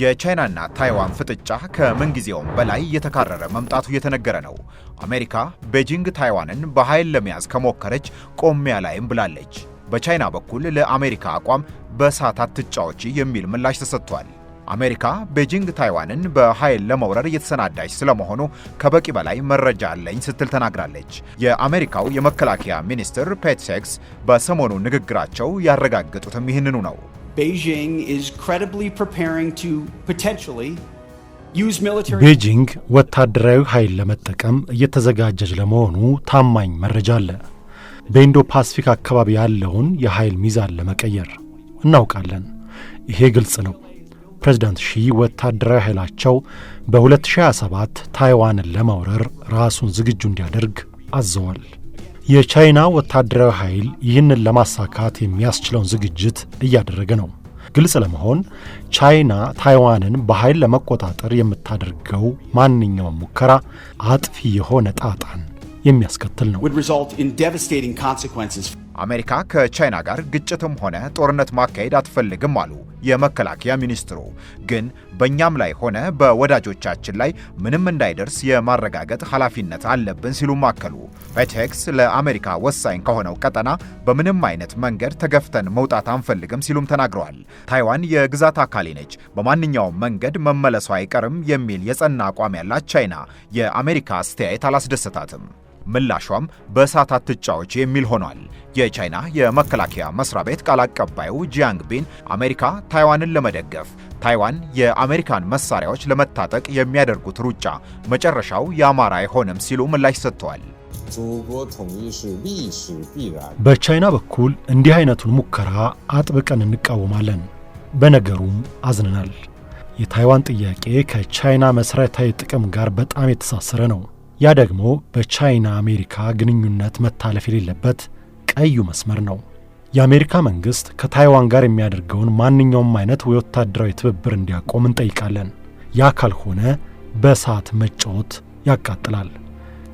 የቻይናና ታይዋን ፍጥጫ ከምንጊዜውም በላይ እየተካረረ መምጣቱ እየተነገረ ነው። አሜሪካ ቤጂንግ ታይዋንን በኃይል ለመያዝ ከሞከረች ቆሚያ ላይም ብላለች። በቻይና በኩል ለአሜሪካ አቋም በእሳት አትጫዎች የሚል ምላሽ ተሰጥቷል። አሜሪካ ቤጂንግ ታይዋንን በኃይል ለመውረር እየተሰናዳች ስለመሆኑ ከበቂ በላይ መረጃ አለኝ ስትል ተናግራለች። የአሜሪካው የመከላከያ ሚኒስትር ፔትሴክስ በሰሞኑ ንግግራቸው ያረጋገጡትም ይህንኑ ነው። ቤጂንግ ወታደራዊ ኃይል ለመጠቀም እየተዘጋጀች ለመሆኑ ታማኝ መረጃ አለ። በኢንዶ ፓስፊክ አካባቢ ያለውን የኃይል ሚዛን ለመቀየር እናውቃለን። ይሄ ግልጽ ነው። ፕሬዚዳንት ሺ ወታደራዊ ኃይላቸው በ2027 ታይዋንን ለመውረር ራሱን ዝግጁ እንዲያደርግ አዘዋል። የቻይና ወታደራዊ ኃይል ይህንን ለማሳካት የሚያስችለውን ዝግጅት እያደረገ ነው። ግልጽ ለመሆን ቻይና ታይዋንን በኃይል ለመቆጣጠር የምታደርገው ማንኛውም ሙከራ አጥፊ የሆነ ጣጣን የሚያስከትል ነው። አሜሪካ ከቻይና ጋር ግጭትም ሆነ ጦርነት ማካሄድ አትፈልግም አሉ የመከላከያ ሚኒስትሩ። ግን በእኛም ላይ ሆነ በወዳጆቻችን ላይ ምንም እንዳይደርስ የማረጋገጥ ኃላፊነት አለብን ሲሉ ማከሉ ፔቴክስ ለአሜሪካ ወሳኝ ከሆነው ቀጠና በምንም አይነት መንገድ ተገፍተን መውጣት አንፈልግም ሲሉም ተናግረዋል። ታይዋን የግዛት አካሌ ነች፣ በማንኛውም መንገድ መመለሷ አይቀርም የሚል የጸና አቋም ያላት ቻይና የአሜሪካ አስተያየት አላስደሰታትም። ምላሿም በእሳት አትጫዎች የሚል ሆኗል። የቻይና የመከላከያ መስሪያ ቤት ቃል አቀባዩ ጂያንግ ቢን አሜሪካ ታይዋንን ለመደገፍ ታይዋን የአሜሪካን መሳሪያዎች ለመታጠቅ የሚያደርጉት ሩጫ መጨረሻው የአማራ አይሆንም ሲሉ ምላሽ ሰጥተዋል። በቻይና በኩል እንዲህ አይነቱን ሙከራ አጥብቀን እንቃወማለን። በነገሩም አዝነናል። የታይዋን ጥያቄ ከቻይና መሠረታዊ ጥቅም ጋር በጣም የተሳሰረ ነው። ያ ደግሞ በቻይና አሜሪካ ግንኙነት መታለፍ የሌለበት ቀዩ መስመር ነው። የአሜሪካ መንግሥት ከታይዋን ጋር የሚያደርገውን ማንኛውም አይነት ወታደራዊ ትብብር እንዲያቆም እንጠይቃለን። ያ ካልሆነ በእሳት መጫወት ያቃጥላል።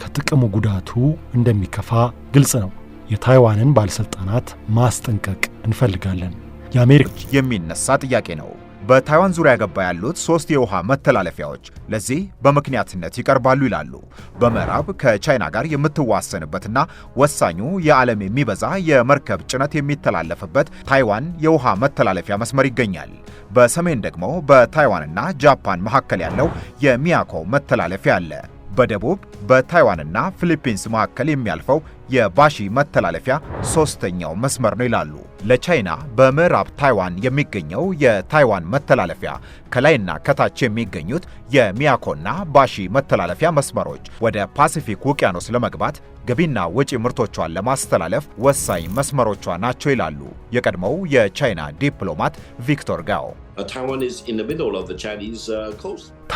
ከጥቅሙ ጉዳቱ እንደሚከፋ ግልጽ ነው። የታይዋንን ባለሥልጣናት ማስጠንቀቅ እንፈልጋለን። የአሜሪካ የሚነሳ ጥያቄ ነው። በታይዋን ዙሪያ ገባ ያሉት ሶስት የውሃ መተላለፊያዎች ለዚህ በምክንያትነት ይቀርባሉ ይላሉ። በምዕራብ ከቻይና ጋር የምትዋሰንበትና ወሳኙ የዓለም የሚበዛ የመርከብ ጭነት የሚተላለፍበት ታይዋን የውሃ መተላለፊያ መስመር ይገኛል። በሰሜን ደግሞ በታይዋንና ጃፓን መካከል ያለው የሚያኮ መተላለፊያ አለ። በደቡብ በታይዋንና ፊሊፒንስ መካከል የሚያልፈው የባሺ መተላለፊያ ሶስተኛው መስመር ነው ይላሉ። ለቻይና በምዕራብ ታይዋን የሚገኘው የታይዋን መተላለፊያ ከላይና ከታች የሚገኙት የሚያኮና ባሺ መተላለፊያ መስመሮች ወደ ፓሲፊክ ውቅያኖስ ለመግባት ገቢና ወጪ ምርቶቿን ለማስተላለፍ ወሳኝ መስመሮቿ ናቸው ይላሉ የቀድሞው የቻይና ዲፕሎማት ቪክቶር ጋው። uh,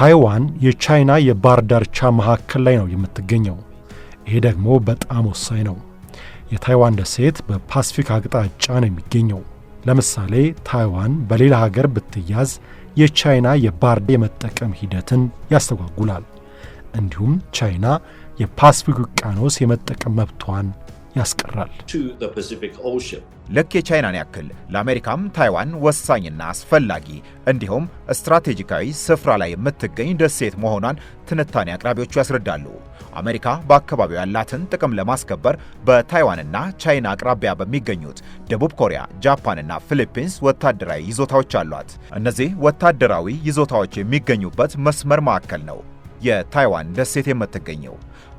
ታይዋን የቻይና የባህር ዳርቻ መካከል ላይ ነው የምትገኘው። ይሄ ደግሞ በጣም ወሳኝ ነው። የታይዋን ደሴት በፓስፊክ አቅጣጫ ነው የሚገኘው። ለምሳሌ ታይዋን በሌላ ሀገር ብትያዝ የቻይና የባህር ዳር የመጠቀም ሂደትን ያስተጓጉላል። እንዲሁም ቻይና የፓስፊክ ውቅያኖስ የመጠቀም መብቷን ያስቀራል። ልክ የቻይናን ያክል ለአሜሪካም ታይዋን ወሳኝና አስፈላጊ እንዲሁም ስትራቴጂካዊ ስፍራ ላይ የምትገኝ ደሴት መሆኗን ትንታኔ አቅራቢዎቹ ያስረዳሉ። አሜሪካ በአካባቢው ያላትን ጥቅም ለማስከበር በታይዋንና ቻይና አቅራቢያ በሚገኙት ደቡብ ኮሪያ፣ ጃፓንና ፊሊፒንስ ወታደራዊ ይዞታዎች አሏት። እነዚህ ወታደራዊ ይዞታዎች የሚገኙበት መስመር ማዕከል ነው የታይዋን ደሴት የምትገኘው።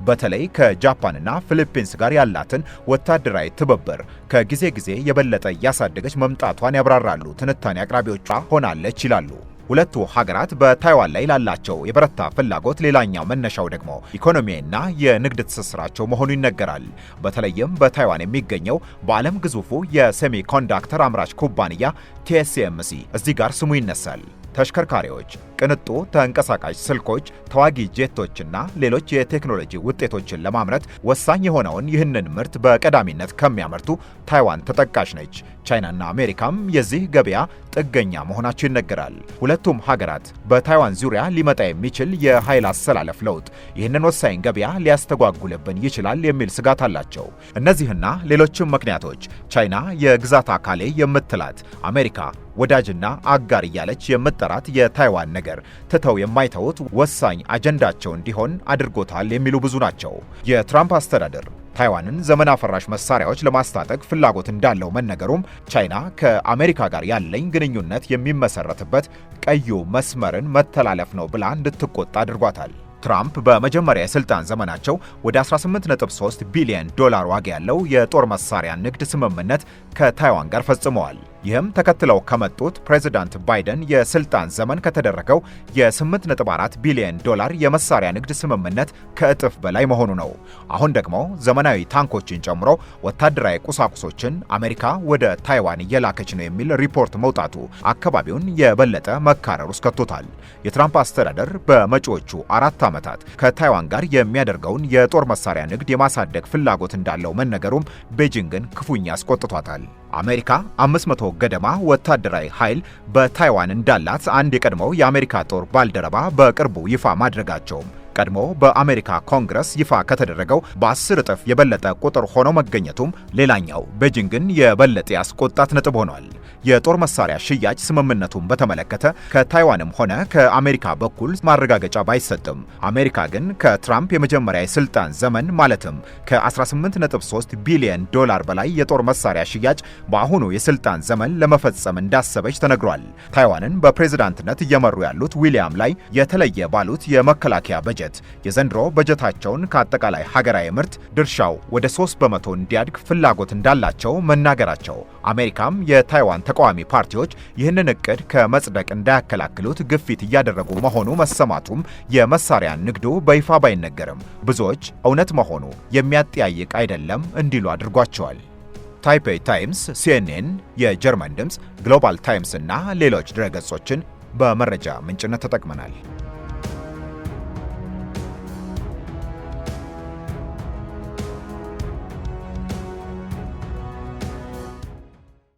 በተለይ ከጃፓንና ፊሊፒንስ ጋር ያላትን ወታደራዊ ትብብር ከጊዜ ጊዜ የበለጠ እያሳደገች መምጣቷን ያብራራሉ ትንታኔ አቅራቢዎቿ ሆናለች ይላሉ። ሁለቱ ሀገራት በታይዋን ላይ ላላቸው የበረታ ፍላጎት ሌላኛው መነሻው ደግሞ ኢኮኖሚያዊና የንግድ ትስስራቸው መሆኑ ይነገራል። በተለይም በታይዋን የሚገኘው በዓለም ግዙፉ የሴሚ ኮንዳክተር አምራች ኩባንያ ቲኤስኤምሲ እዚህ ጋር ስሙ ይነሳል። ተሽከርካሪዎች፣ ቅንጡ ተንቀሳቃሽ ስልኮች፣ ተዋጊ ጄቶችና ሌሎች የቴክኖሎጂ ውጤቶችን ለማምረት ወሳኝ የሆነውን ይህንን ምርት በቀዳሚነት ከሚያመርቱ ታይዋን ተጠቃሽ ነች። ቻይናና አሜሪካም የዚህ ገበያ ጥገኛ መሆናቸው ይነገራል። ሁለቱም ሀገራት በታይዋን ዙሪያ ሊመጣ የሚችል የኃይል አሰላለፍ ለውጥ ይህንን ወሳኝ ገበያ ሊያስተጓጉልብን ይችላል የሚል ስጋት አላቸው። እነዚህና ሌሎችም ምክንያቶች ቻይና የግዛት አካሌ የምትላት አሜሪካ ወዳጅና አጋር እያለች የምጠራት የታይዋን ነገር ትተው የማይተውት ወሳኝ አጀንዳቸው እንዲሆን አድርጎታል የሚሉ ብዙ ናቸው። የትራምፕ አስተዳደር ታይዋንን ዘመን አፈራሽ መሳሪያዎች ለማስታጠቅ ፍላጎት እንዳለው መነገሩም ቻይና ከአሜሪካ ጋር ያለኝ ግንኙነት የሚመሰረትበት ቀዩ መስመርን መተላለፍ ነው ብላ እንድትቆጣ አድርጓታል። ትራምፕ በመጀመሪያ የስልጣን ዘመናቸው ወደ 18.3 ቢሊዮን ዶላር ዋጋ ያለው የጦር መሳሪያ ንግድ ስምምነት ከታይዋን ጋር ፈጽመዋል። ይህም ተከትለው ከመጡት ፕሬዚዳንት ባይደን የስልጣን ዘመን ከተደረገው የ8.4 ቢሊዮን ዶላር የመሳሪያ ንግድ ስምምነት ከእጥፍ በላይ መሆኑ ነው። አሁን ደግሞ ዘመናዊ ታንኮችን ጨምሮ ወታደራዊ ቁሳቁሶችን አሜሪካ ወደ ታይዋን እየላከች ነው የሚል ሪፖርት መውጣቱ አካባቢውን የበለጠ መካረር ውስጥ ከቶታል። የትራምፕ አስተዳደር በመጪዎቹ አራት ዓመታት ከታይዋን ጋር የሚያደርገውን የጦር መሳሪያ ንግድ የማሳደግ ፍላጎት እንዳለው መነገሩም ቤጂንግን ክፉኛ አስቆጥቷታል። አሜሪካ 500 ገደማ ወታደራዊ ኃይል በታይዋን እንዳላት አንድ የቀድሞ የአሜሪካ ጦር ባልደረባ በቅርቡ ይፋ ማድረጋቸውም ቀድሞ በአሜሪካ ኮንግረስ ይፋ ከተደረገው በአስር እጥፍ የበለጠ ቁጥር ሆኖ መገኘቱም ሌላኛው ቤጂንግን የበለጠ ያስቆጣት ነጥብ ሆኗል። የጦር መሳሪያ ሽያጭ ስምምነቱን በተመለከተ ከታይዋንም ሆነ ከአሜሪካ በኩል ማረጋገጫ ባይሰጥም አሜሪካ ግን ከትራምፕ የመጀመሪያ የስልጣን ዘመን ማለትም ከ18.3 ቢሊዮን ዶላር በላይ የጦር መሳሪያ ሽያጭ በአሁኑ የስልጣን ዘመን ለመፈጸም እንዳሰበች ተነግሯል። ታይዋንን በፕሬዝዳንትነት እየመሩ ያሉት ዊሊያም ላይ የተለየ ባሉት የመከላከያ በጀት የዘንድሮ በጀታቸውን ከአጠቃላይ ሀገራዊ ምርት ድርሻው ወደ 3 በመቶ እንዲያድግ ፍላጎት እንዳላቸው መናገራቸው አሜሪካም የታይዋን ተቃዋሚ ፓርቲዎች ይህንን እቅድ ከመጽደቅ እንዳያከላክሉት ግፊት እያደረጉ መሆኑ መሰማቱም የመሳሪያ ንግዱ በይፋ ባይነገርም ብዙዎች እውነት መሆኑ የሚያጠያይቅ አይደለም እንዲሉ አድርጓቸዋል። ታይፔ ታይምስ፣ ሲኤንኤን፣ የጀርመን ድምፅ፣ ግሎባል ታይምስ እና ሌሎች ድረገጾችን በመረጃ ምንጭነት ተጠቅመናል።